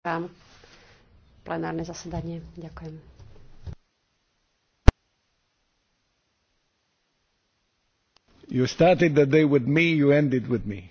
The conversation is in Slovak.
Otváram plenárne zasedanie. Ďakujem. You started the day with me, you ended with me.